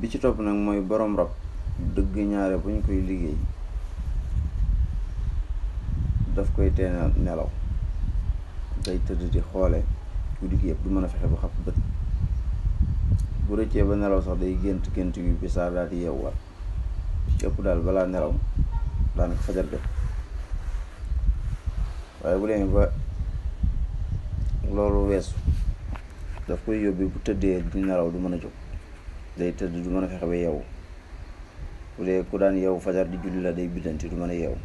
bi ci topp nag mooy borom rab dëgg ñaare buñ koy liggéey daf koy teena nelaw day tëdd di xoole ku digg yëpp du mën a fexe ba xab bët bu rëccee ba nelaw sax day gént gént yu bisaar daal di yewwal ci ëpp daal balaa nelaw daanaka fajar jot waaye bu leen ba loolu weesu daf koy yóbbi bu tëddee di nelaw du mën a jóg day tëdd du mën a fexe ba yeewu bu dee ku daan yeewu fajar di julli la day biddanti du mën a yeewu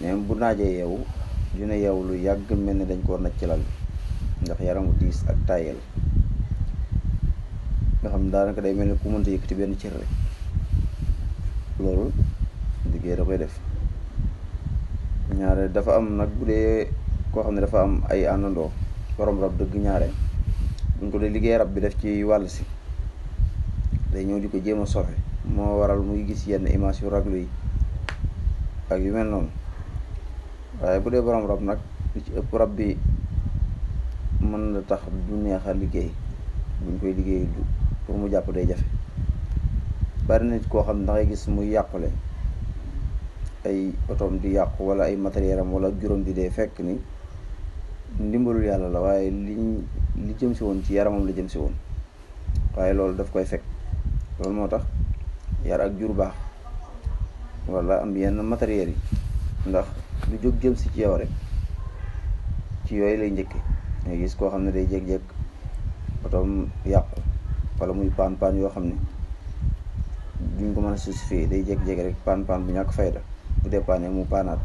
même bu naajee yeewu dina yeewu lu yàgg mel ni dañ koo naj ci lal ndax yaramu diis ak tayel nga xam daanaka day mel ni ku mënta yëkkati benn cër rek loolu liggéey da koy def ñaare dafa am nag bu dee koo xam ne dafa am ay àndandoo borom rab dëgg ñaare buñ ko dee liggéey rab bi def ci wàll si day ñëw di ko jéem a sofe moo waral muy gis yenn image yu raglu yi ak yu mel noonu waaye bu dee borom rab nag lu ci ëpp rab bi mën na tax du neex a liggéey buñ koy liggéey du pour mu jàpp day jafe bari nit koo xam da ngay gis muy yàqule ay otoom di yàqu wala ay matériel wala juróom di dee fekk ni ndimbalul yàlla la waaye liñ li jëm si woon ci yaramam la jëm si woon waaye loolu daf koy fekk lool moo tax yar ak jur baax wala am yenn matériel yi ndax lu jóg jëm si ci yow rek ci yooyu lay njëkke ngay gis koo xam ne day jékki-jékki otoom yàqu wala muy paan paan yoo xam ne duñ ko mën a justifier day jékki-jékki rek paan paan bu ñàkk fayda bu dépanne mu paanaat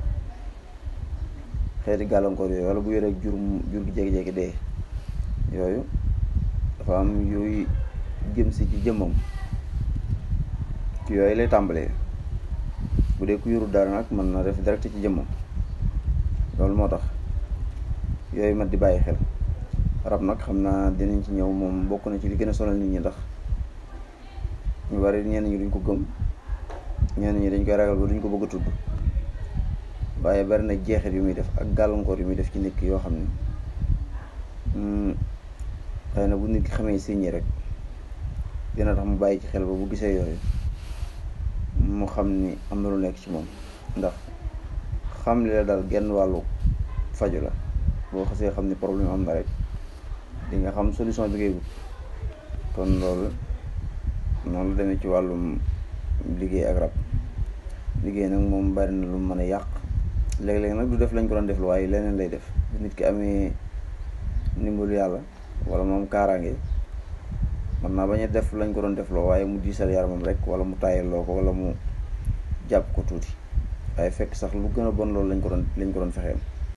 xeeti gàllankoor yooyu wala bu yore ak jur jur gi jékki-jékki dee yooyu dafa am yooyu jëm si ci jëmmam ci yooyu lay tàmbalee bu dee ku yorul dara nag mën na def direct ci jëmma loolu moo tax yooyu mat di bàyyi xel rab nag xam naa dinañ ci ñëw moom bokk na ci li gën a solal nit ñi ndax ñu bari ñenn ñi duñ ko gëm ñenn ñi dañ koy ragal ba duñ ko bëgg a tudd waaye bari na jeexit yu muy def ak gàllankoor yu muy def ci nekk yoo xam ne hmm, xëy na bu nit ki xamee signe rek dina tax mu bàyyi ci xel ba bu gisee yooyu mu xam ni am na lu nekk ci moom ndax xam li la daal genn wàllu faju la boo xasee xam ni problème am na rek di nga xam solution bi ngay wut kon loolu noonu la demee ci wàllum liggéey ak rab liggéey nag moom bari na lu mën a yàq léeg-léeg nag du def lañ ko doon def waaye leneen lay def nit ki amee ndimbalu yàlla wala moom kaaraange man naa bañ a def lañ ko doon defloo waaye mu diisal yaramam rek wala mu taayal loo ko wala mu jàpp ko tuuti waaye fekk sax lu gën a bon loolu lañ ko doon lañ ko doon fexeel